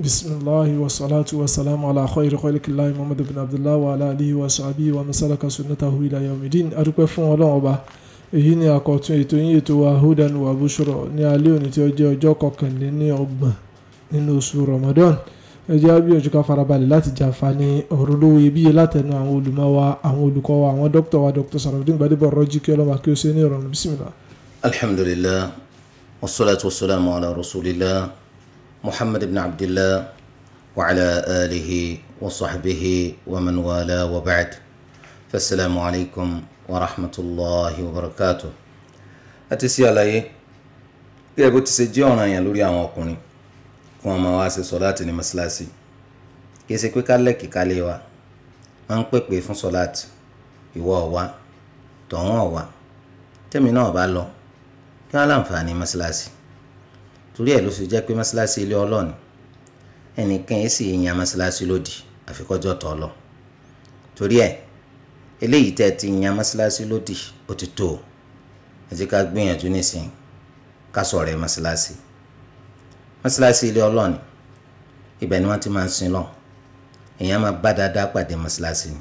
بسم الله والصلاة والسلام على خير خلق الله محمد بن عبد الله وعلى آله وصحبه ومن سلك سنته إلى يوم الدين adúpẹ́ fún Ọlọ́run ọba èyí ni àkọ́tún ètò yín ètò wa hudan wa bushra ní alẹ́ òní tí ó jẹ́ ọjọ́ kọkànlélọ́gbọ̀n nínú oṣù Ramadan ẹ jẹ́ abiyanju ká farabalẹ̀ láti jàǹfààní ọ̀rọ̀ lówó iyebíye látẹnu àwọn olùmọ̀ wa àwọn olùkọ́ wa àwọn dókítà wa dókítà Sàràfùdín Gbadébọ̀ rọ́jí kí ọlọ́wà kí ó ṣe ní ìrọ̀rùn bísímìlá. alhamdulillah wasalaatu wasalaamu ala rasulillah محمد بن عبد الله وعلى آله وصحبه ومن والاه وبعد فالسلام عليكم ورحمة الله وبركاته أتسي علي gẹ́gẹ́ bó ti ṣe jẹ́ ọ̀ràn yẹn lórí àwọn ọkùnrin kí wọ́n máa wá ṣe sọ́láàtì ní mọ́ṣáláṣí kì í ṣe pé kálẹ̀kì kálẹ̀ wa máa ń pèpè fún sọ́láàtì ìwọ ọ̀wá tọ̀hún ọ̀wá tẹ̀mí náà bá lọ kí wọ́n láǹfààní mọ́ṣáláṣí torí ẹ̀ ló fi jẹ́ pé mọ́ṣáláṣí ilé ọlọ́ọ̀ni ẹnìkan ẹ̀ sì yan mọ́ṣáláṣí lòdì àfikọ́jọ́ tọ́ lọ torí ẹ̀ eléyìí tẹ́ ti yan mọ́ṣáláṣí lòdì ó ti tó o ẹ jẹ́ ká gbìyànjú nísìn ká sọ̀rọ̀ ẹ̀ mọ́ṣáláṣí mọ́ṣáláṣí ilé ọlọ́ọ̀ni ibẹ̀ ni wọ́n ti máa ń sin lọ èèyàn máa bá dáadáa pàdé mọ́ṣáláṣí ni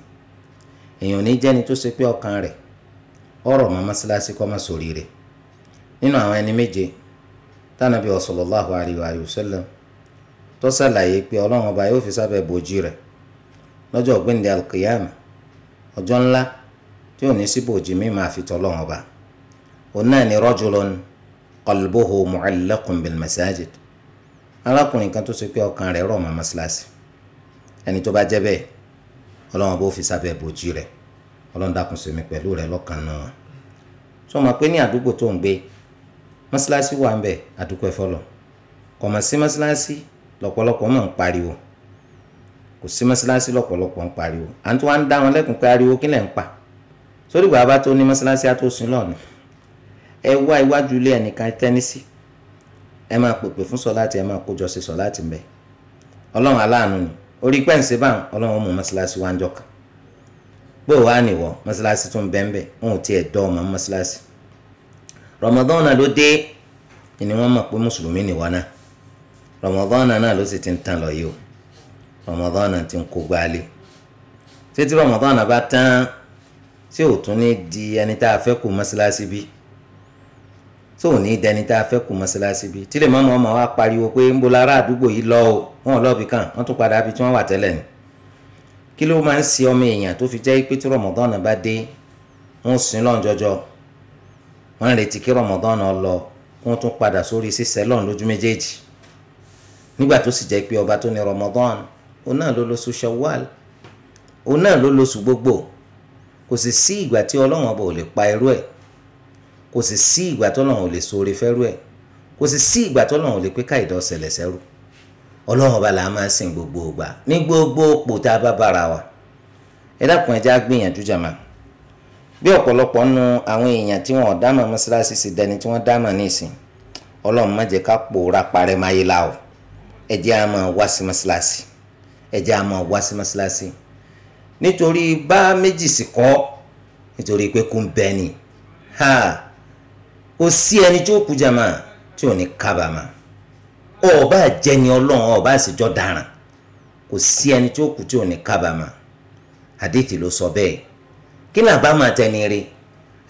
èèyàn ò ní jẹ́ni tó ṣe pé ọkàn rẹ̀ ọ̀rọ̀ mọ́ mọ́ṣáláṣí kọ́ máa sòrí rẹ̀ nínú àwọn ẹni méje tánàbí sallallahu alayhi wa sallam tó ṣàlàyé pé ọlọ́run ọba yóò fi sábẹ́ bòjì rẹ̀ lọ́jọ́ ọ̀gbìndé alqiyama ọjọ́ ńlá tí ò ní sí bòjì mí máa fi tọ́lọ́run ọba òun náà ni rajulun qalbuhu mu'allaqun bil masajid arákùnrin kan tó ṣe pé ọkàn rẹ̀ rọ̀ mọ́ mọ́ṣáláṣí ẹni tó bá jẹ́ bẹ́ẹ̀ ọlọ́run ọba ó fi sábẹ́ bòjì rẹ̀ ọlọ́run pẹ̀lú rẹ̀ lọ́kàn náà sọ ma pé ní àdúgbò tó ń gbé mọ́sálásí wà ń bẹ̀ àdúpẹ́ fọlọ́ kọ̀mọ̀ sí mọ́sálásí lọ́pọ̀lọpọ̀ máa ń pariwo kò sí mọ́sálásí lọ́pọ̀lọpọ̀ ń pariwo à ń tún wá ń dá wọn lẹ́kùn pé ariwo kí lẹ̀ ń pa sórí bàbá tó ní mọ́sálásí á tó sin lọ́ọ̀nù ẹ wá iwájú ilé ẹnìkan tẹ́nísì ẹ máa pèpè fún sọláàtì ẹ máa kójọ sí sọláàtì mbẹ ọlọ́run aláàánú ni orí pẹ́ǹsì bá ọlọ́run mú mọ́sálásí wá ń jọ kan bó wá nìwọ mọ́sálásí tún bẹ́ńbẹ́ wọn ò tiẹ̀ dọ́ ọmọ mọ́sálásí Ramadan ló dé ni wọ́n mọ̀ pé mùsùlùmí nìwọ náà Ramadan náà ló sì ti ń tàn lọ yìí o Ramadan ti ń kó gbálẹ̀ ṣé Ramadan bá tán ṣé ò ní di ẹni tá a fẹ́ kù mọ́ṣáláṣí bí tó ò ní dẹni tá a fẹ́ kù mọ́ṣáláṣí bí tí lè mọ́mọ́ ọmọ wa pariwo pé ń bo lára àdúgbò yìí lọ o wọn ò lọ́ọ̀bì kan wọ́n tún padà bí tí wọ́n wà tẹ́lẹ̀ ni kí ló máa ń ṣe ọmọ èèyàn tó fi jẹ́ pé tí Ramadan bá dé wọ́n sìn lọ́njọ́jọ́ wọ́n ń retí kí rọmọdán lọ wọ́n tún padà sórí sísẹ lọ́n lójú méjèèjì nígbà tó sì jẹ́ pé ọba tó ní rọmọdán òun náà ló lóṣù Ṣawwal òun náà ló lóṣù gbogbo kò sì sí ìgbà tí ọlọ́wọ́n bò lè pa irú ẹ̀ kò sì sí ìgbà tọ́lọ́wọ́n ò lè sóore fẹ́rú ẹ̀ kò sì sí ìgbà tọ́lọ́wọ́n ò lè pé káìdọ́ ṣẹlẹ̀ sẹ́rù ọlọ́wọ́n bá la máa sìn gbogbo ìgbà ní gbogbo òpó tá a bá bára wa ẹ dákun ẹ já gbìyànjú jàmáà bí ọ̀pọ̀lọpọ̀ nu àwọn èèyàn tí wọ́n dámọ̀ mọ́ṣáláṣí sì dẹni tí wọ́n dámọ̀ nísìn ọlọ́run má jẹ́ ká pòórá parẹ́ máyé la o ẹ jẹ́ a máa wá sí mọ́ṣáláṣí ẹ jẹ́ a máa wá sí mọ́ṣáláṣí nítorí bá méjì sì kọ́ nítorí pé kún bẹ́ẹ̀ ni ha kò sí ẹni tí ó kú jàmá tí ò ní kábàámà ọba jẹni ọlọ́run ọba àṣejọ́ dáràn kò sí ẹni tí ó kú tí ò ní kábàámà àdéhìí ló sọ bẹ́ẹ̀ kí ni àbá máa tẹni rè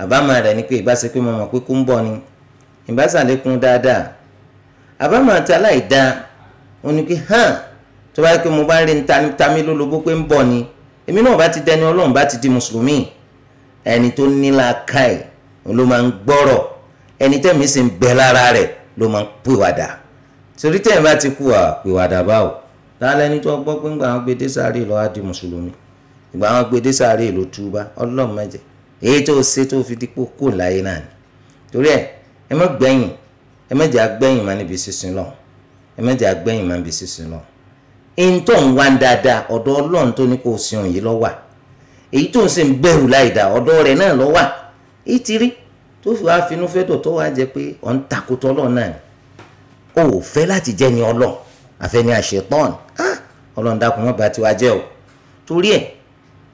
àbá máa rẹ̀ ni pé ìbá ṣe pé mo mọ̀ pé kú ń bọ̀ ni ìbá ṣàlékún dáadáa àbá máa tẹ aláìda ó ní pé hàn tó bá yẹ pé mo bá rí tamí lólobó pé ń bọ̀ ni èmi náà bá ti dẹni ọlọ́run bá ti di mùsùlùmí ẹni tó ní làákàyè ló máa ń gbọ́rọ̀ ẹni tẹ́mi sì ń bẹ lára rẹ̀ ló máa ń pèwàdà torí tẹ́yìn bá ti kú à pèwàdà báwo lálẹ́ ní tó gbọ́ pé ń gbà wọn gbé dé sáré lọ́wọ́ di mùsùlùmí ìgbà wọn gbé dé sáré ló túbá ọlọ́run mẹ́jẹ èyí tó ṣe tó fi dípò kó láyé náà ni torí ẹ ẹ má gbẹ̀yìn ẹ má jẹ́ agbẹ̀yìn máa níbi sísun lọ ẹ má jẹ́ agbẹ̀yìn máa níbi sísun lọ èyí tó ń wá dáadáa ọ̀dọ̀ ọlọ́run tó ní kó sùn yìí lọ wà èyí tó ń ṣe ń bẹ̀rù láì dá ọ̀dọ̀ rẹ̀ náà lọ wà èyí ti rí tó fi wáá finú fẹ́ dọ̀ tó wáá jẹ pé ọ̀ ń takotọ́ ọlọ́run náà ni o ò fẹ́ láti jẹ́ ni ọlọ́run àfẹ́ni àṣetán ah! ọlọ́run dákun má bà tiwa jẹ́ o torí ẹ̀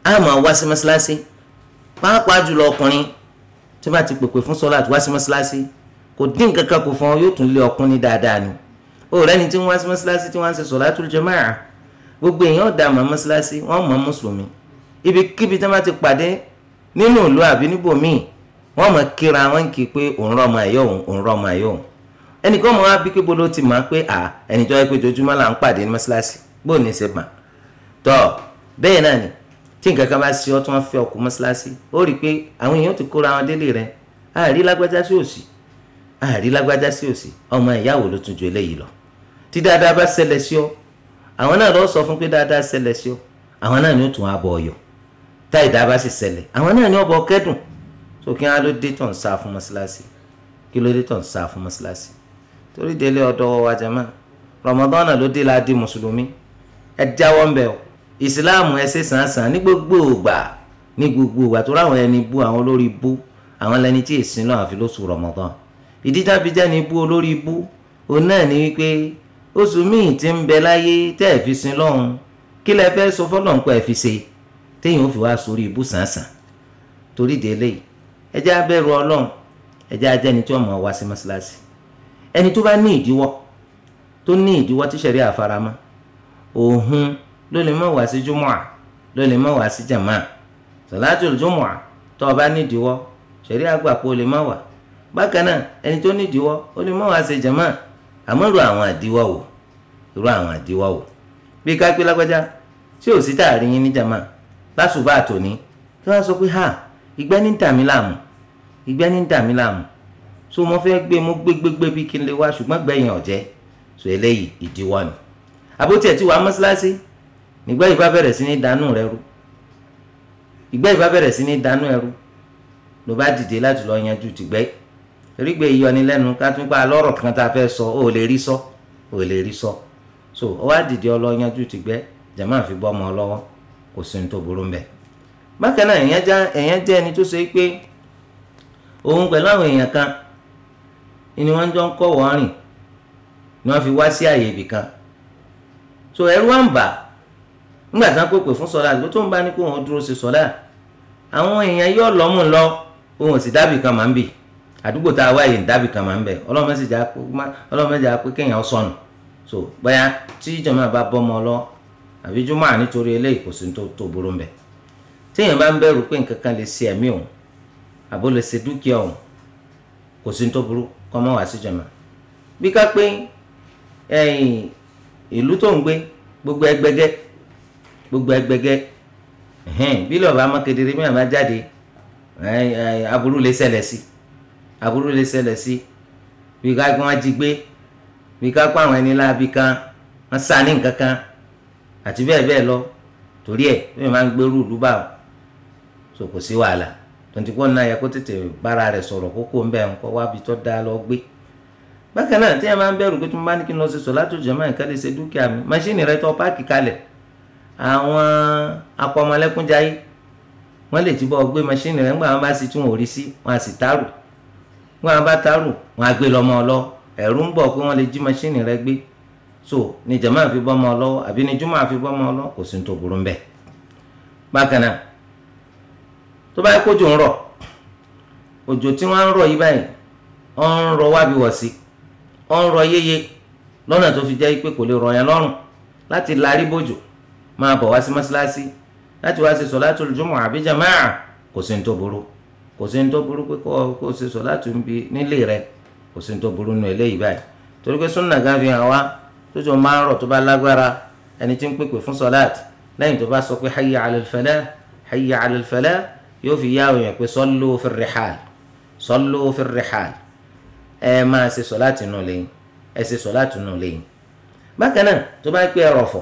á máa wá sí mọ́ṣáláṣí pàápàá jùlọ ọkùnrin tí wọ́n bá ti pèpè fún sọ́lá àti wá sí mọ́ṣáláṣí kò dín kankan kò fún ọ yóò tún lé ọkùn ní dáadáa ni ó rẹ́ni tí wọ́n wá sí mọ́ṣáláṣí tí wọ́n ń ṣe solatul jamaa gbogbo èèyàn ọ̀dà àmọ́ mọ́ṣáláṣí wọ́n mọ̀ mùsùlùmí ibikíbi tí wọ́n bá ti pàdé nínú ìlú àbí níbòmíì wọ́n mọ̀ kíra wọn kì í pé òun rọ́ọ̀mọ ẹ̀yọ́ òun rọ́ọ̀mọ ẹ̀yọ́ òun ẹnìkan mọ̀ wá bí pé bolo tí nǹkan kan bá sí ọ tí wọ́n fẹ́ ọkọ̀ mọ́ṣáláṣí ó rí i pé àwọn èèyàn ti kóra wọn délé rẹ àárí lágbájá sí òsì àárí lágbájá sí òsì ọmọ ìyàwó ló tún ju eléyìí lọ tí dáadáa bá ṣẹlẹ̀ sí ọ àwọn náà lọ sọ fún pé dáadáa ṣẹlẹ̀ sí ọ àwọn náà ni ó tún abọ ọyọ tá ìdá bá sì ṣẹlẹ̀ àwọn náà ni ọbọ kẹdùn tó kí wọn á ló dé tàn sá fún mọ́ṣáláṣí kí ló dé tàn sá fún mọ́ṣáláṣí torí délé ọ̀dọ̀ wa jàmáà Ramadan ló dé la di mùsùlùmí ẹ jáwọ́ ń bẹ̀ ìsìláàmù ẹsẹ̀ sàǹsàn ní gbogbo ìgbà ní gbogbo ìgbà tó ráwọn ẹni bú àwọn olórí bú àwọn lẹni tí ìsìn lọ́wọ́ àfi lóṣù Ramadan ìdí tábí jẹ́ni bú olórí bú òun náà ni wípé oṣù míì ti ń bẹ láyé tẹ́ ẹ̀ fi sin lọ́hùn kí lẹ fẹ́ sọ fọ́lọ́n pé ẹ̀ fi ṣe téèyàn ó fi wá sórí ibú sàǹsàn torí délé ẹ jẹ́ á bẹ̀rù Ọlọ́run ẹ jẹ́ ẹni tí wọ́n mọ̀ wá sí mọ́ṣáláṣí ẹni tó bá ní ìdíwọ́ tó ní ìdíwọ́ tíṣẹ̀rí àfaramọ́ òun ló lè má wá sí júmọ́à ló lè má wá sí jàmá sọ̀láàtì júmọ́à tó o bá nídìíwọ́ ṣẹ̀rí àgbà pé o lè má wá bákan náà ẹni tó nídìíwọ́ o lè má wá sí jàmá àmọ́ ru àwọn àdíwọ́ wò ru àwọn àdíwọ́ wò bí kápẹ́ lágbájá tí ò sí tààrí yín ní jàmá lásùbà àtòní tí wọ́n sọ pé ha ìgbẹ́ ní ń dà mí láàmú ìgbẹ́ ní ń dà mí mo fẹ́ gbé mo gbégbégbé bí kí n lè wá ṣùgbọ́n gbẹ̀yìn ọ̀jẹ́ so eléyìí ìdíwọ́ ni àbótiẹ̀ tí wàá mọ́ṣáláṣí nígbà yìí bá bẹ̀rẹ̀ sí ní dànù rẹ rú ìgbà yìí bá bẹ̀rẹ̀ sí ní dànù ẹrú ló bá dìde láti lọ yanjú tìgbẹ́ erígbẹ́ ìyọnilẹ́nu ká tún pa lọ́rọ̀ kan tá a fẹ́ sọ ó lè rí sọ ó lè rí sọ so ó wá dìde ọlọ yanjú tìgbẹ́ jama fi bọ́ ọmọ ọlọ́wọ́ kò sí ní tó burú mbẹ́ bákan náà èèyàn jẹ́ ẹni tó ṣe pé òun pẹ̀lú àwọn èèyàn kan ni wọ́n jọ ń kọ́ wọ́n rìn ni wọ́n fi wá sí àyè ibì kan so ẹrú wá nígbà tí wọ́n pèpè fún sọ́lá àgbẹ̀ tó ń bá ní kó wọn dúró ṣe sọ́lá àwọn èèyàn yóò lọ́mù lọ ohun sì dábì kan máa ń bì àdúgbò tá a wáyé dábì kan máa ń bẹ̀ ọlọ́mọdé àpé kéèyàn sọnù so bóyá tí ìjọba bá bọ́mọ lọ àbí jùmọ̀ nítorí eléyìí kò sí tó burú ń bẹ̀ téèyàn bá ń bẹ̀rù pé nǹkan kan lè ṣe ẹ̀mí òun àbó lè ṣe dúkìá òun kò sí tó burú kọ́ mọ́ wá sí jọ̀mọ́ bí ká pé ìlú tó ń gbé gbogbo ẹgbẹgẹ́ gbogbo ẹgbẹgẹ bí lọ́ọ̀bá mọ́kedere bí màmá jáde aburú lè ṣẹlẹ̀ sí aburú lè ṣẹlẹ̀ sí bí ká gbọ́n wọn jí gbé bí ká pa àwọn ẹni láabi kan wọ́n sá ní nǹkan kan àti bẹ́ẹ̀ bẹ́ẹ̀ lọ torí ẹ̀ bí màmá ń gbèrú ìlú bá wọn so kò sí wàhálà tonti kó náà yẹ kó tètè bára rẹ̀ sọ̀rọ̀ kókó ń bẹ̀ ń kọ́ wábi tó dáa lọ gbé bákan náà tí ẹ máa ń bẹ̀rù pé tí mo bá ní kí n lọ sí sọ látòjọ́ máa ń kálẹ̀ ṣe dúkìá mi máṣíìnì rẹ tó páàkì kalẹ̀ àwọn apọmọlẹ́kúnjayé wọ́n lè túbọ̀ gbé mọ́ṣíìnì rẹ̀ ńgbà wọn bá sì tún wọn ò rí sí wọn à sì tárù ńgbà wọn bá tárù wọn à gbé lọ́mọ ọlọ́ ẹ̀rú ń bọ̀ pé wọ́n lè jí mọ́ṣíìnì rẹ̀ gbé so ni jama fi bọ́mọ ọlọ́wọ́ àbí ni juma fi bọ́mọ ọlọ́wọ́ kò sí ní tó burú ńbẹ̀. bákan náà tó bá yẹ kójò ń rọ̀ òjò tí wọ́n ń rọ̀ yí báyìí ó ń rọ̀ wábi wọ̀ sí ó ń rọ̀ yéye lọ́nà tó fi jẹ́ pé kò lè rọ̀ yẹn lọ́rùn láti larí bójò máa bọ̀ wá sí mọ́ṣáláṣí láti wá ṣe solatul jumu'a àbí jamaa kò sí ní tó burú kò sí ní tó burú pé kó o ṣe solatu nílé rẹ kò sí ní tó burú nù eléyìí báyìí torí pé súnà gan fi hàn wá tó jọ máa ń rọ̀ tó bá lágbára ẹni tí ń pèpè fún sọláàtì lẹ́yìn tó bá sọ pé hayya ala al-falah yóò fi yáwò yẹn pé sallu fi rihal sallu fi rihal ẹ máa ṣe sọláàtì nù lẹ́yìn ẹ ṣe sọláàtì nù lẹ́yìn bákan náà tó bá pẹ́ ẹ̀rọ̀fọ̀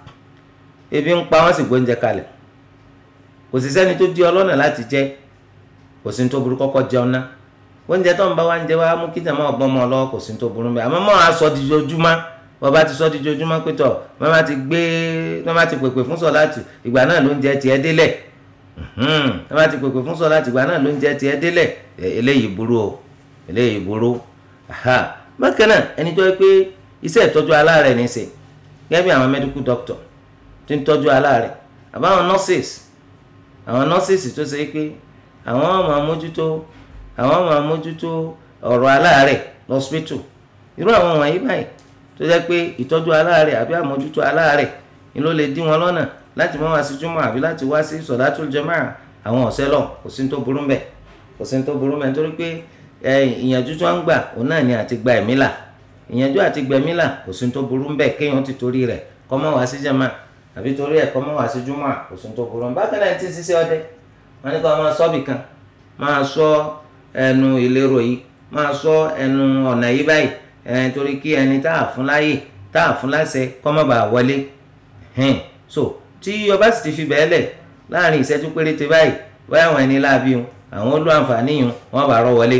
ebi ń pa wọ́n sì gbóúnjẹ kalẹ̀ kò sì sẹ́ni tó di ọlọ́nà láti jẹ kò sí ní tó burú kọ́kọ́ jẹun ná oúnjẹ tó ń bá wa ń jẹ wá mú kí jàmá ọgbọ́n mọ́ ọ lọ́wọ́ kò sí ní tó burú mẹ́ àmọ́ mọ́ àá sọ di ojoojúmọ́ wọ́n bá ti sọ di ojoojúmọ́ pé tọ̀ wọ́n bá ti gbé wọ́n bá ti pèpè fún sọ̀láàtì ìgbà náà ló ń délẹ̀ wọ́n bá ti pèpè fún sọ̀láàtì ìgbà náà ló ń délẹ̀ e, eléyìí burú o eléyìí burú bákan náà ẹni tó yẹ pé iṣẹ́ ìtọ́jú aláàárẹ̀ ní í ṣe gẹ́gẹ́ bí àwọn medical doctor tí ń tọ́jú aláàrẹ̀ àbáwọn nurses àwọn nurses tó ṣe pé àwọn máa mójútó àwọn máa mójútó ọ̀rọ̀ aláàrẹ̀ lọ́sípítù irú àwọn wọ̀nyí báyìí tó jẹ́ pé ìtọ́jú aláàrẹ̀ àbí àmójútó aláàrẹ̀ ni ló lè dí wọn lọ́nà láti mọ́ wá sí júmọ̀ àbí láti wá sí sọ̀dátù jẹ́mọ̀ràn àwọn ọ̀sẹ́ lọ kò sí tó burú mbẹ̀ kò sí tó burú mbẹ̀ nítorí pé ìyànjú tó ń gbà òun náà ni àti gba ẹ̀mí là ìyànjú àti gbẹ̀mí là kò sí tó burú mbẹ̀ kéèyàn ti torí rẹ̀ kọ́ mọ́ wá sí jẹ́mọ̀ràn àbí torí ẹ̀kọ́ mọ́ wá sí júmọ́ òsùn tó burú bákan náà ti ṣiṣẹ́ ọdẹ wọn ní kó máa sọ bìkan máa sọ ẹnu ìlérò yìí máa sọ ẹnu ọ̀nà yìí báyìí ẹni torí kí ẹni tá a fún láyè tá a fún láṣẹ kọ́ má bàa wọlé hẹ́n so tí ọba sì ti fi bẹ́ẹ̀ lẹ̀ láàrin ìṣẹ́jú péréte báyìí wáyà wọn ẹni láàbí wọn àwọn olú àǹfààní yìí wọn bá rọ wọlé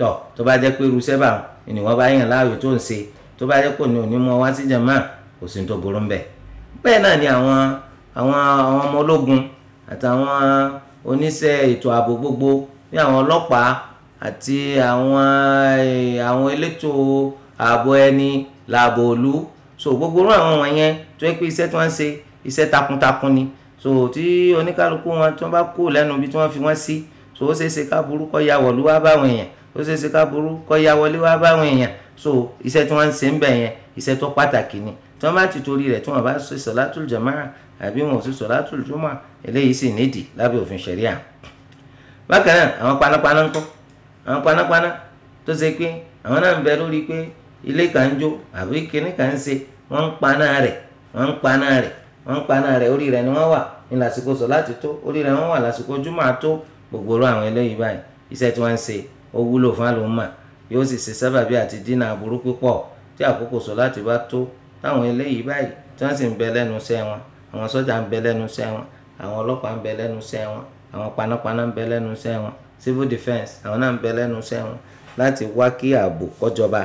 tọ tó bá jẹ́ pé irú sẹ́bà ni wọ́n bá yàn láàyò tó ń ṣe tó bá jẹ́ pé òní òní mọ́ wá sí kò sí ní tó burú ń bẹ́ẹ̀ bẹ́ẹ̀ náà ni àwọn àwọn àwọn ọmọ ológun àtàwọn oníṣẹ́ ètò ààbò gbogbo bí àwọn ọlọ́pàá àti àwọn àwọn elétò ààbò ẹni làbò òlu so gbogbo irú àwọn wọ̀nyẹn tó yẹ pé iṣẹ́ tí wọ́n ń ṣe iṣẹ́ takuntakun ni so tí oníkálukú wọn tí wọ́n bá kú lẹ́nu ibi tí wọ́n fi wọ́n sí so ó ṣeéṣe ká burú kọ́ ya wọ̀lú wá báwọn èèyàn ó ṣeéṣe ká burú kọ́ ya wọlé wá báwọn èèyàn so iṣẹ́ tí wọ́n ń ṣe ń bẹ̀ yẹn iṣẹ́ tó pàtàkì ni tí wọ́n bá ti torí rẹ̀ tí wọ́n bá ṣe sọ̀látùl jamaa àbí wọn ò ṣe sọ̀látùl jumu'a eléyìí sì nídìí lábẹ́ òfin ṣẹ̀ríà. bákan náà àwọn panápaná ńkọ́ àwọn panápaná tó ṣe pé àwọn náà ń bẹ lórí pé ilé kan ń jó àbí kinní kan ń ṣe wọ́n ń paná rẹ̀ wọ́n ń paná rẹ̀ wọ́n ń paná rẹ̀ orí rẹ̀ ni wọ́n wà ní lásìkò sọ̀láàtì tó orí rẹ̀ wọ́n wà lásìkò jumu'a tó gbogbo àwọn eléyìí báyìí iṣẹ́ tí wọ́n ń ṣe ó wúlò fún àlòmà yóò sì ṣe sábàbí àti dínà aburú púpọ̀ tí àkókò sọ̀láàtì bá tó táwọn eléyìí báyìí tí wọ́n sì ń bẹ lẹ́nu iṣẹ́ wọn àwọn sọ́jà ń bẹ lẹ́nu iṣẹ́ wọn àwọn ọlọ́pàá ń bẹ lẹ́nu iṣẹ́ wọn àwọn panápaná ń bẹ lẹ́nu iṣẹ́ wọn civil defence àwọn náà ń bẹ lẹ́nu iṣẹ́ wọn láti wá kí ààbò kọjọba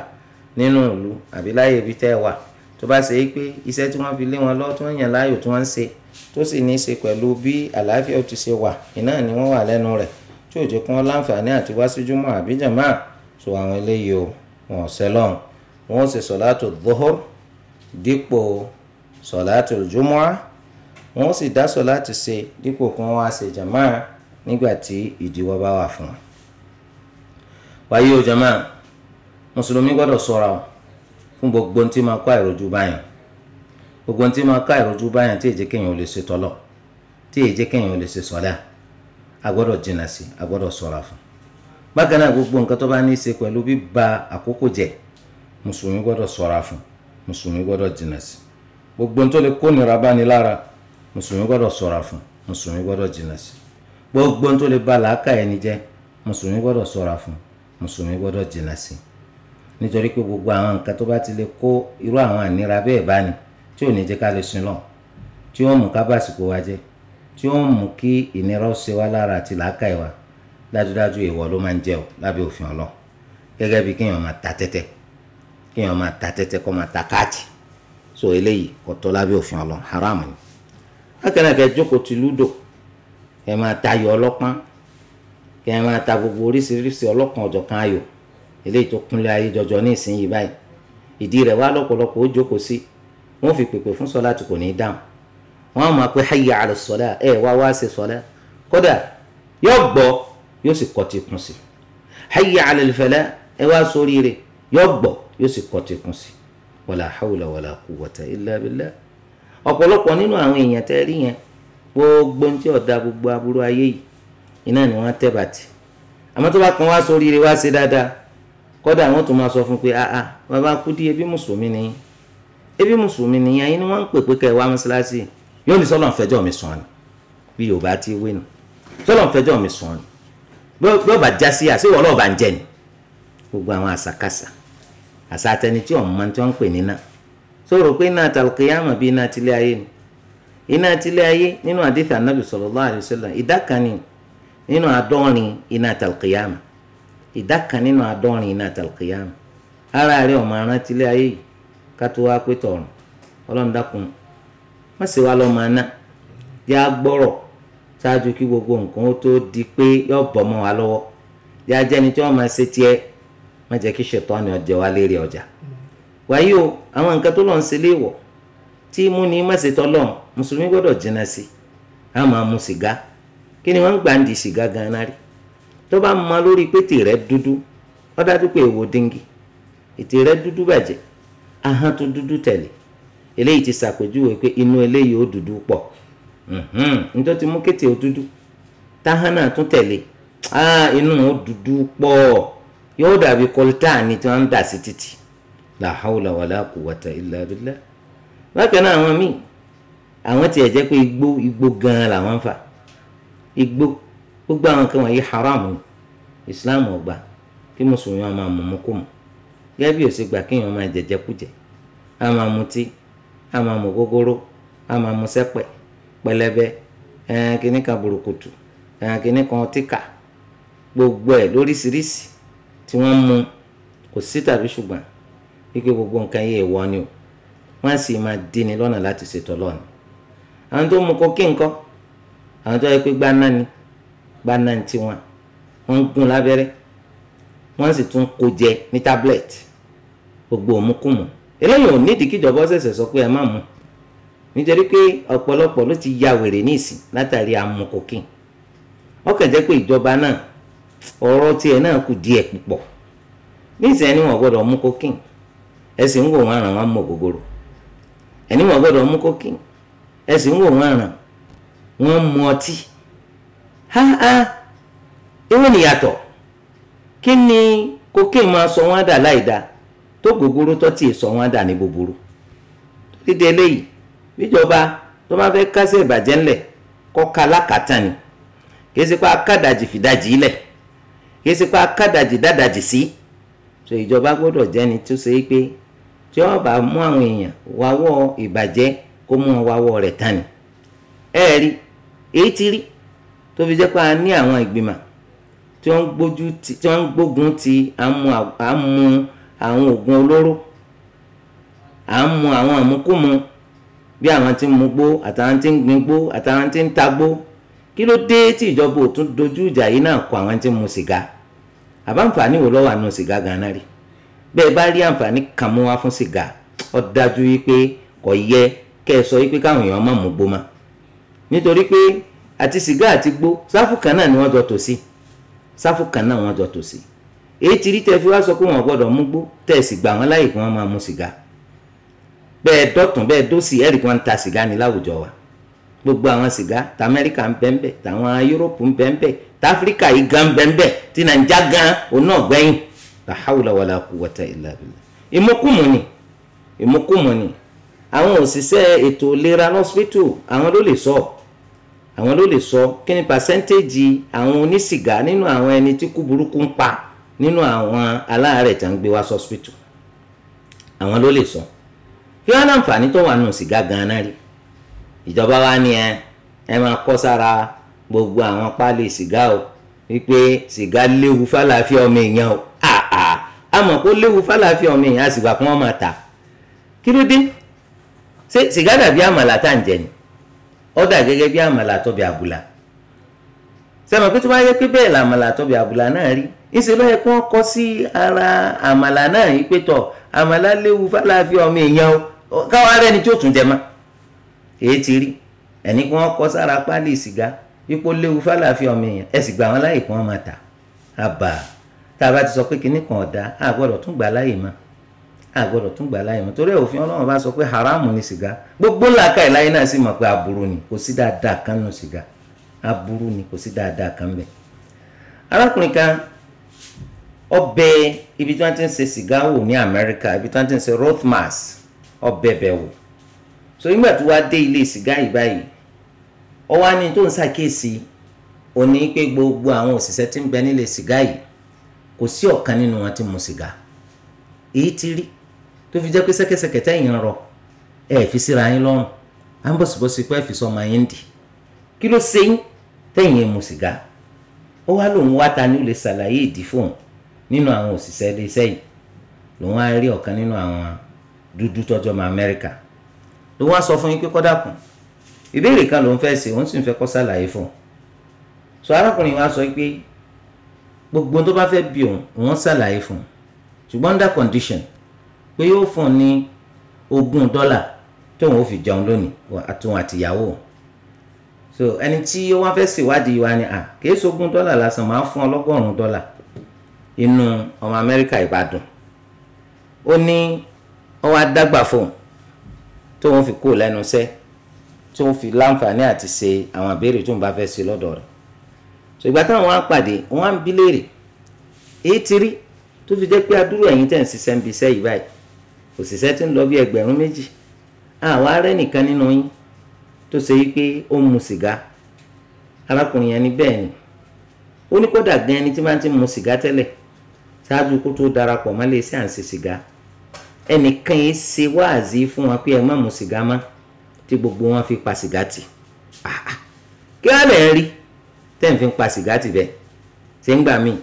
nínú ìlú àbí láyè ibi tẹ́ ẹ wà tó bá ṣe é pé iṣẹ́ tí wọ́n fi lé wọn lọ tí wọ́n yàn láàyò tí wọ́n ń ṣe tó sì ní í ṣe pẹ̀lú bí àlàáfíà ti ṣe wà iná ni wọ́n wà lẹ́nu rẹ̀ tí ò jẹ́ kí wọ́n láǹfààní àti wá síjú mọ́ àbí jàmáà so àwọn eléyìí o wọn ò sẹ́lọ̀n wọn ò ṣe sọ̀látù dípò sọ̀láàtì jumu'a wọ́n sì dá sọ̀láàtì ṣe dípò kí wọ́n wá ṣe jàmáà nígbà tí ìdíwọ́ bá wà fún wọn. wáyé o jàmáà mùsùlùmí gbọ́dọ̀ ṣọ́ra o fún gbogbo ohun tí máa kó àìrojú báyàn gbogbo ohun tí máa kó àìrojú báyàn tí èjì kéèyàn ò lè ṣe tọ́lọ̀ tí èjì kéèyàn ò lè ṣe sọ̀lá a gbọ́dọ̀ jìnnà sí a gbọ́dọ̀ ṣọ́ra fún. bákan náà gbogbo nǹkan tó bá ní í ṣe pẹ̀lú bíba àkókò jẹ mùsùlùmí gbọ́dọ̀ ṣọ́ra fún un mùsùlùmí gbọ́dọ̀ jìnnà sí gbogbo tó lè kó nira bá ní lára mùsùlùmí gbọ́dọ̀ ṣọ́ra fún mùsùlùmí gbọ́dọ̀ jìnnà sí gbogbo tó lè ba làákà ẹni jẹ́ mùsùlùmí gbọ́dọ̀ ṣọ́ra fún mùsùlùmí gbọ́dọ̀ jìnnà sí nítorí pé gbogbo àwọn nǹkan tó bá ti lè kó irú àwọn ànira bẹ́ẹ̀ bá ní tí ò ní jẹ́ ká lè sin lọ tí ó mú ká bàsìkò wa jẹ́ tí ó mú kí ìnira ó ṣe wá lára àti làákàyè wa dájúdájú ìwọ ló máa ń jẹ ọ lábẹ́ òfin ọlọ gẹ́gẹ́ bí kéèyàn máa ta tẹ́tẹ́ kéèyàn máa ta tẹ́tẹ́ kó máa ta káàdì so eléyìí kò tọ́ lábẹ́ òfin Ọlọ́run haram ni akẹ́nà kẹ́ jókòó ti lúdò kẹ́ máa ta ayò ọlọ́pọ́n kẹ́ máa ta gbogbo oríṣiríṣi ọlọ́kan ọ̀jọ̀kan ayò eléyìí tó kúnlẹ̀ ayé jọjọ ní ìsinyìí báyìí ìdí rẹ̀ wá lọ́pọ̀lọpọ̀ ó jókòó sí wọ́n fi pèpè fún sọ́lá tí kò ní í dáhùn wọ́n á máa pé hayya ala sọ́lá ẹ̀ wá wá ṣe sọ́lá kódà yóò gbọ́ yóò sì kọ́ ti kùn sí hayya ala al ẹ wá sóríire yóò gbọ́ yóò sì kọ́ tekun sí wàlà hàwùlà wàlà quwwata illa billah ọ̀pọ̀lọpọ̀ nínú àwọn èèyàn tẹ́ rí yẹn gbogbo ní tí ọ̀dà gbogbo aburú ayé yìí iná ni wọ́n tẹ́ bàtì àmọ́ tó bá kan wá sórí rẹ̀ wá ṣe dáadáa kọ́dà wọ́n tún máa sọ fún pé àà bàbá Kúdí ebi mùsùlùmí ni ebi mùsùlùmí ni yẹn ni wọ́n ń pè pé kẹ́ ẹ wá mọ́ṣáláṣí yóò ní sọ́lọ́n fẹjọ́ mi sùn ni bí Yorùbá ti wé nu sọ́lọ́n fẹjọ́ mi sùn ni bí ọba jásí àṣewọ́ ọlọ́ọ̀bà ń jẹ ni gbogbo àwọn àṣàkáṣà àṣà àtẹni tí ọ̀n mọ tí wọ́n ń pè níná tó rò pé iná tàlùkìyàmà bí iná tilé ayé ni iná ayé nínú àdìsá anábì sallallahu alaihi wasallam ìdá kan ni nínú àádọ́rin iná ìdá kan nínú iná ara rẹ̀ ayé yìí wá pé ọlọ́run di pé yọ má jẹ́ kí ṣètọ́ni ọjọ́ wa léèrè ọjà wàyí o àwọn nǹkan tó lọ́n ṣe léèwọ̀ tí mú má ṣe tọ́lọ̀ mùsùlùmí gbọ́dọ̀ jìnnà sí a máa mu sìgá kí ni wọ́n ń gbàǹdì sìgá gan-an rí tó bá mọ lórí pé tìrẹ dúdú ó dájú pé èwo dengue ètè rẹ dúdú bàjẹ́ ahọ́n tó dúdú tẹ̀lé eléyìí ti ṣàpèjúwe pé inú eléyìí ó dúdú pọ̀ nítorí ti mú kété ó dúdú táhánà tún tẹ̀lé inú ó dúdú pọ̀ yóò dàbí kọltáàni tí wọ́n ń dà sí títì la hawla wala quwwata illa billah bákan náà àwọn míì àwọn tiẹ̀ jẹ́ pé igbó igbó gan-an làwọn ń fà igbó gbogbo àwọn kan wọ̀nyí haram islam ọgbà kí mùsùlùmí wọn máa mú mú kó mu gẹ́gẹ́ bí òsì gbà kéèyàn máa jẹjẹ kújẹ a máa mutí a máa mu gógóró a máa mu sẹ́pẹ̀ pẹlẹbẹ ẹ̀ẹ́n kìnnìkan burúkutu ẹ̀ẹ́n kìnnìkan tíkà gbogbo ẹ̀ lóríṣiríṣi tí wọ́n mú kò sí tàbí ṣùgbọ́n wípé gbogbo nǹkan yìí èèwọ̀ ni o wọ́n á sì máa dínni lọ́nà láti ṣètò lọ́nà àwọn tó mú kókí nǹkan àwọn tó yẹ pé gbaná ni gbaná ni tiwọn wọ́n ń gún lábẹ́rẹ́ wọ́n sì tún kó jẹ ní tablet gbogbo òmùkùmù eléyìí ò nídìí kíjọba ọ̀sẹ̀sẹ̀ sọ pé ẹ má mú nítorí pé ọ̀pọ̀lọpọ̀ ló ti ya wèrè ní ìsìn látàrí amú kókí ọkàn jẹ́ pé ìjọba náà Ọrọ tiẹ̀ náà kù díẹ̀ púpọ̀ níìsín ẹni wọ́n gbọ́dọ̀ mú kókìn ẹ sì ń wò wọ́n àràn wọn mọ̀ gògòrò ẹni wọ́n gbọ́dọ̀ mú kókìn ẹ sì ń wò wọ́n àràn wọn mú ọtí ha ha ewé nìyàtọ̀ kí ni kókìn máa sọ wọ́n dà láìda tó gògòrò tó sọ wọ́n dà ní búburú dídé eléyìí bíjọba tó bá fẹ́ kásẹ̀ ìbàjẹ́ ńlẹ̀ kọ́ ká lákàtà ni kì í ṣe pé fìdájì ilẹ̀ kìí ṣe pé akádàjì dàdàjì sí so ìjọba gbọ́dọ̀ jẹ́ni tó ṣe pé tí wọ́n bá mú àwọn èèyàn wáwọ́ ìbàjẹ́ kó mú wọn wáwọ́ rẹ̀ ni ẹ rí èyí ti rí tó fi jẹ́ pé a ní àwọn ìgbìmọ̀ tí wọ́n ń gbógun ti àmú àwọn oògùn olóró à ń mu àwọn àmúkùmu bí àwọn tí ń mu gbó àtàwọn tí ń gbin àtàwọn tí ń ta kí ló dé tí ìjọba ò tún dojú ìjà yìí náà kọ àwọn tí ń mu sìgá àbáǹfààní wo lọ́wọ́ àánú sìgá ganan rí bẹ́ẹ̀ bá rí àǹfààní kan mú wá fún sìgá ó dájú wípé kò yẹ kẹ́ ẹ sọ wípé káwọn èèyàn má mú gbó ma nítorí pé àti sìgá àti gbó sáfù kan náà ni wọ́n jọ tò sí sáfù kan náà wọ́n jọ tò sí èyí ti rí tẹ́ fi wá sọ pé wọ́n gbọ́dọ̀ mú gbó tẹ́ sì gbà wọ́n láyè kí wọ́n máa mú sìgá bẹ́ẹ̀ dọ̀tún bẹ́ẹ̀ dọ́sì ẹ̀rì kí wọ́n ń ta sìgá ní láwùjọ wa gbogbo àwọn sìgá tàmẹ́ríkà ń bẹ́ńbẹ́ tàwọn yúróòpù ń bẹ́ńbẹ́ táfíríkà yìí gan bẹ́ẹ̀ tí nàìjà gan òun náà gbẹ́yìn la hawla wala quwwata illa billah ìmọ̀kùmọ̀ ni ìmọ̀kùmọ̀ ni àwọn òṣìṣẹ́ ètò ìlera lọ́sítò àwọn ló lè sọ àwọn ló lè sọ kí ni pàṣẹ́ntéèjì àwọn onísìgá nínú àwọn ẹni tí kú burúkú ń pa nínú àwọn aláàárẹ̀ tá ń gbé wá sọ́sítò àwọn ló lè sọ kí wọ́n láǹfààní tó wà nù sìgá gan-an rí ìjọba wa ni ẹ ẹ máa kọ́ sára gbogbo àwọn páálí sìgá o wípé sìgá léwu fálàáfíà ọmọ èèyàn o àà àmọ́ kó léwu fálàáfíà ọmọ èèyàn àsìgbà kí wọ́n máa ta kí ló dé ṣé sìgá dàbí àmàlà tá à ń jẹ ni ó dà gẹ́gẹ́ bí àmàlà tọ́bi àbùlà sẹ́mi pé tí wọ́n á yẹ pé bẹ́ẹ̀ làmàlà tọ́bi àbùlà náà rí ńṣe ló yẹ kí wọ́n kọ́ sí ara àmàlà náà yìí pé tọ̀ àmàlà léwu fálàáfíà ọmọ èèyàn o káwọn ará ẹni tó tún jẹ ma èyí ti rí ẹni kí wọ́n kọ́ sára páálí sìgá ipò léwu fàlàfi ọmọ èèyàn ẹ sì gbà wọn láàyè kí wọn máa tà àbà tá a bá ti sọ pé kinní kan ọ̀dà a gbọ́dọ̀ tún gbà láàyè mọ́ a gbọ́dọ̀ tún gbà láàyè mọ́ torí òfin ọlọ́run bá sọ pé haramu ni sìgá gbogbo làákà ìláyé náà sì mọ̀ pé aburú ni kò sí dáadáa kan nù sìgá aburú ni kò sí dáadáa kan bẹ̀. arákùnrin kan ọbẹ̀ ibi tí wọ́n ti ń ṣe sìgá wò ní Amẹ́ríkà ibi tí wọ́n ti ń ṣe Rothmans ọbẹ̀ bẹ̀ wò so nígbà tó wá dé ilé sìgá yìí báyìí ó wá ní tó ń ṣàkíyèsí ó ní pé gbogbo àwọn òṣìṣẹ́ tí ń bẹ nílé sìgá yìí kò sí ọ̀kan nínú wọn tí mu sìgá èyí ti rí tó fi jẹ́ pé ṣẹ́kẹ́ṣẹkẹ̀ tẹ́yìn rọ ẹ fi síra yín lọ́rùn à ń bọ̀sibọ̀si pé ẹ fi sọmọ yín dì kí ló ṣe yín tẹ́yìn mu sìgá ó wá lòun wá ta ní ó lè ṣàlàyé ìdí fóun nínú àwọn òṣìṣẹ́ iléeṣẹ́ yìí lòun á rí ọ̀kan nínú àwọn dúdú tọ́jọ́ ọmọ Amẹ́ríkà lòun á sọ fún yín pé kọ́dà kùn ìbéèrè kan ló ń fẹ́ ṣe òun sì ń fẹ́ kọ́ sàlàyé fún un so arákùnrin wa sọ pé gbogbo tó bá fẹ́ bí òun òun sàlàyé fún un ṣùgbọ́n under condition pé yóò fún un ní ogún dọ́là tóun ó fi jẹun lónìí àtòun àtìyàwó so ẹni tí ó wá fẹ́ ṣèwádìí wa ni à kìí ṣogún dọ́là lásán máa fún ọ lọ́gọ́rùn-ún dọ́là inú ọmọ amẹ́ríkà ìbàdàn ó ní ọwọ́ adágbà fóun tóun fi kú lẹ́nu iṣẹ́ tí wọ́n fi láǹfààní àti ṣe àwọn àbẹ̀rẹ̀ tó ń bá fẹ́ ṣe lọ́dọ̀ rẹ̀ so ìgbà táwọn á pàdé wọ́n á ń bí léèrè èyí ti rí tó fi jẹ́ pé adúrú ẹ̀yìn tẹ̀ ń ṣiṣẹ́ ń bi iṣẹ́ yìí báyìí òṣìṣẹ́ ti ń lọ bí ẹgbẹ̀rún méjì àwa rẹ̀ nìkan nínú yín tó ṣe yí pé ó ń mu sìgá arákùnrin yẹn ni bẹ́ẹ̀ ni ó ní kódà gan ẹni tí máa ti mu sìgá tẹ́lẹ̀ ṣáájú kó tó darapọ̀ mọ́ lè ṣe à ń ṣe sìgá ẹnìkan yìí ṣe wáàzí fún wa pé ẹ má mu sìgá mọ́ tí gbogbo wọn fi pa sìgá tì kí wọ́n lè rí tẹ́ǹ fi ń pa sìgá tì bẹ́ẹ̀ ṣé ń gbà míì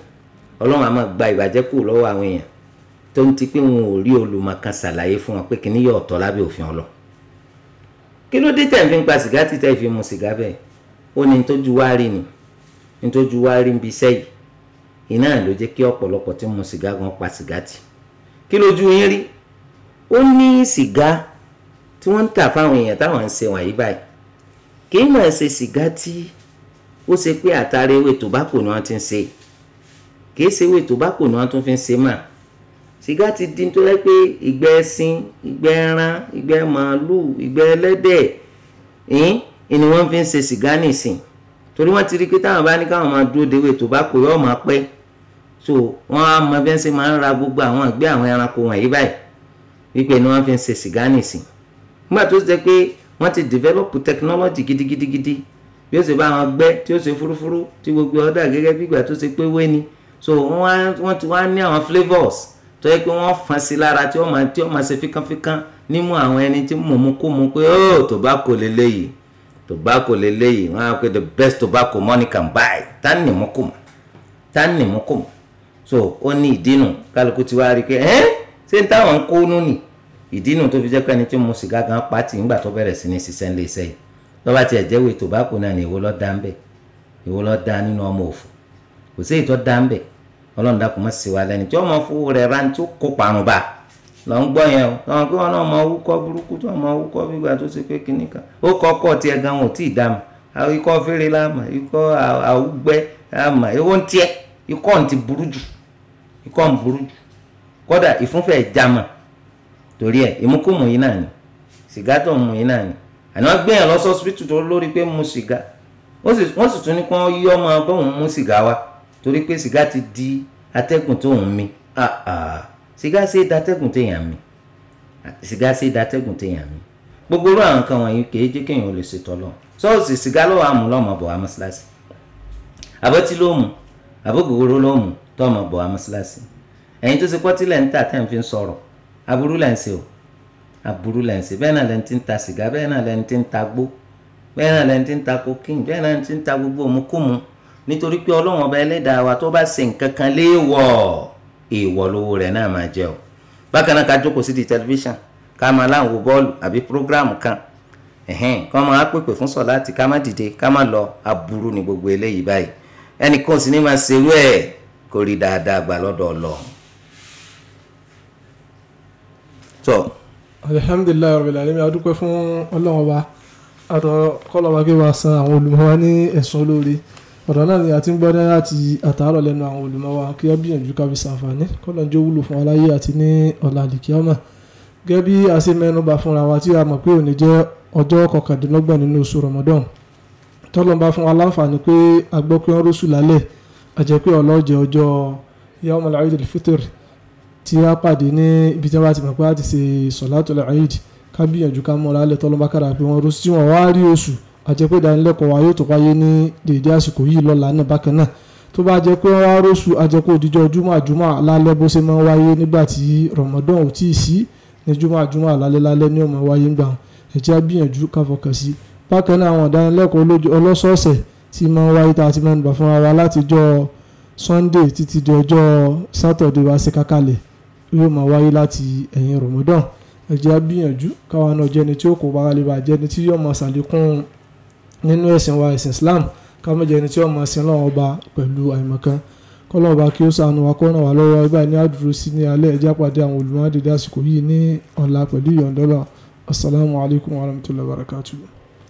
ọlọ́run àmọ́ gba ìbàjẹ́ kù lọ́wọ́ àwọn èèyàn tó ń ti pé wọn ò rí olùmọ̀kan ṣàlàyé fún wọn pé kìíní yóò tọ́ lábẹ́ òfin ọlọ kí ló dé tẹ́ǹ fi ń pa sìgá tì tẹ́ǹ fi mu sìgá bẹ́ẹ̀ ó ní nítójú wá rí ni nítójú wá rí níbi iṣẹ́ yìí iná ló jẹ́ kí ọ̀pọ̀lọpọ̀ tí mu sìgá gan pa sìgá tì kí lójú yín rí ó ní sìgá tí wọ́n ń tà fáwọn èèyàn táwọn ń ṣe wọ̀nyí báyìí kì í mọ̀ ṣe sìgá tí ó ṣe pé àtàrí ewé tòbákò ni wọ́n ti ń ṣe kì í ṣe ewé tòbákò ni wọ́n tún fi ń ṣe mà sìgá ti di tó yẹ pé ìgbẹ́ ẹṣin ìgbẹ́ ẹran ìgbẹ́ màálùú ìgbẹ́ ẹlẹ́dẹ̀ ẹ̀yìn ni wọ́n fi ń ṣe sìgá nìsín torí wọ́n ti rí i pé táwọn bá ní káwọn máa dúró de ewé tòbákò yóò máa pẹ́ so wọ́n á mọ bí wọ́n ṣe máa ń ra gbogbo àwọn ìgbẹ́ àwọn ẹranko wọ̀nyí báyìí wípé ni wọ́n fi ń ṣe sìgá nìsín nígbà tó ṣe pé wọ́n ti develop technology gidigidigidi bí ó ṣe bá wọn gbẹ́ tí ó ṣe fúrúfúrú tí gbogbo ọ̀dà gẹ́gẹ́ bí ìgbà tó ṣe pé wé ni so wọ́n ti wá ní àwọn flavours tó yẹ pé wọ́n fọn sí lára tí wọ́n máa tí wọ́n máa ṣe fíkánfíkán nímú àwọn ẹni tí mò ń kó mu pé ó oh, tobacco lélẹ́yìí tobacco lélẹ́yìí wọ́n á pè the best tobacco money can buy tá ní mú kò tá ní mú kò so ó ní ìdínú kálukú ti wá rí i pé ẹ́ ṣé ń táwọn ń kó nú nìí ìdí inú tó fi jẹ́ pé ẹni tí mo sìgá gan pàtì ńgbà tó bẹ̀rẹ̀ sí ní ṣiṣẹ́ ńlẹ̀ iṣẹ́ yìí lọ́ba tiẹ̀ jẹ́ wèé tòbákò náà ni èwo ló dá ń bẹ̀ èwo ló dá nínú ọmọ òfò kò sí ìtọ́ dá ń bẹ̀ ọlọ́run dàkún mọ́ sí wa lẹ́ni tí ọmọ fún rẹ̀ rán tí ó kó parun bá lọ ń gbọ́ yẹn o tọ́wọ́n pé wọn náà mọ orúkọ burúkú tó mọ orúkọ gbígbà tó ṣe pé kinní kan ó kọ́kọ́ tiẹ̀ gan wọn ò tí ì dá mà ikọ́ fèrè láàmà ikọ́ àwùgbẹ́ láàmà èwo ń tiẹ̀ ikọ́ ń ti burú jù ikọ́ ń burú jù kódà ìfúnfẹ́ ìjàmà torí ẹ̀ ìmúkùmù yìí náà ni sìgá tó ń mu yìí náà ni àná gbẹ̀yàn lọ sọ́sibítù tó lórí pé mu sìgá wọ́n sì tún ní kí wọ́n yí ọmọ bóun mú sìgá wa torí pé sìgá ti di atẹ́gùn tó ń mi sìgá ṣe é da atẹ́gùn téèyàn mi sìgá ṣe é da atẹ́gùn téèyàn mi gbogbo irú àwọn nǹkan wọ̀nyí kì í jẹ́ kéèyàn ò lè ṣètò lọ sọ́ọ̀sì sìgá lọ́wọ́ àmú lọ́mọ bọ̀ wá mọ́ṣáláṣí àbọ̀tí ló mú àbọ̀gògòrò ló mú tọ́mọ bọ̀ wá ẹ̀yin tó ṣe pọ́tílẹ̀ ń tà tẹ́ ń fi sọ̀rọ̀ aburú là ń ṣe o aburú là ń ṣe bẹ́ẹ̀ náà lẹ́ni tí ń ta sìgá bẹ́ẹ̀ náà lẹ́ni tí ń ta gbó bẹ́ẹ̀ náà lẹ́ni tí ń ta cocaine bẹ́ẹ̀ náà lẹ́ni tí ń ta gbogbo òmùkùmù nítorí pé ọlọ́run ọba ẹlẹ́dàá wa tó bá ṣe nǹkan kan léèwọ̀ èèwọ̀ lówó rẹ̀ náà máa jẹ o bákan náà ká jókòó sí di tẹlifíṣàn ká máa láwọn wo bọ́ọ̀lù àbí prógráàmù kan ẹ̀hẹ́n ká máa pèpè fún sọ̀láàtì ká má dìde ká má lọ aburú ni gbogbo eléyìí báyìí ẹnìkan sì ní máa ṣerú ẹ̀ kórìí dáadáa gbà lọ́dọ̀ ọlọ́run tọ. alihamdulilayi rabil alamin adúpẹ́ fún Ọlọ́run wa àtọ kọlọba kí wàá san àwọn olùmọ̀ wa ní ẹ̀sùn olóore ọ̀dọ̀ náà ni a ti ń gbọ́ ní láti àtàárọ̀ lẹ́nu àwọn olùmọ̀ wa kí a gbìyànjú ká fi ṣàǹfààní kọ́lọ̀ jẹ́ wúlò fún aláyé àti ní ọ̀la àlìkíyàmà gẹ́gẹ́ bí a ṣe mẹ́nubà fúnra wa tí a mọ̀ pé òní jẹ́ ọjọ́ kọkàndínlọ́gbọ̀n nínú oṣù Ramadan tọ́lọ́mbà fún wa láǹfààní pé a gbọ́ rọ́ṣù lálẹ́ àjẹpẹ́ ọlọ́jẹ ọjọ́ yawmal Eid al-Fitr tí a pàdé ní ibi tí wọ́n ti mọ̀ pé a ti ṣe sọ̀látọ̀lẹ̀ ayéèdì ká gbìyànjú ká mọ̀ra lẹ̀ tọ́lọ́mọ kára pé wọ́n rú sí wọn wá rí oṣù àti pé ìdánilẹ́kọ̀ọ́ wa yóò tó wáyé ní dèédé àsìkò yìí lọ́la náà bákan náà tó bá jẹ́ pé wọ́n wá róṣù àjẹkù òdìjọ́ júmọ̀ àjùmọ̀ lálẹ́ bó ṣe máa ń wáyé nígbà tí Ramadan ò tíì sí ní júmọ̀ àjùmọ̀ lálẹ́ lálẹ́ ní ó wáyé ń gbà wọn ẹ̀jẹ̀ Sunday títí di ọjọ́ Saturday wá sí kákàlẹ̀ yóò máa wáyé láti ẹ̀yìn Ramadan ẹ jẹ́ á gbìyànjú káwa náà jẹ́ni tí ó kó wa lè bá jẹ́ni tí yóò máa ṣàlékún nínú ẹ̀sìn wa ẹ̀sìn Islam ká má jẹ́ni tí yóò máa sin Ọlọ́run Ọba pẹ̀lú àìmọ̀kan kọ́lọ́run Ọba kí ó ṣàánú wa kó ràn wá lọ́wọ́ ibà ní àdúró sí ní alẹ́ ẹ jẹ́ á pàdé àwọn yìí ní ọ̀la pẹ̀lú ìyọ̀ndọ́lọ́ assalamu alaikum warahmatullahi wabarakatuh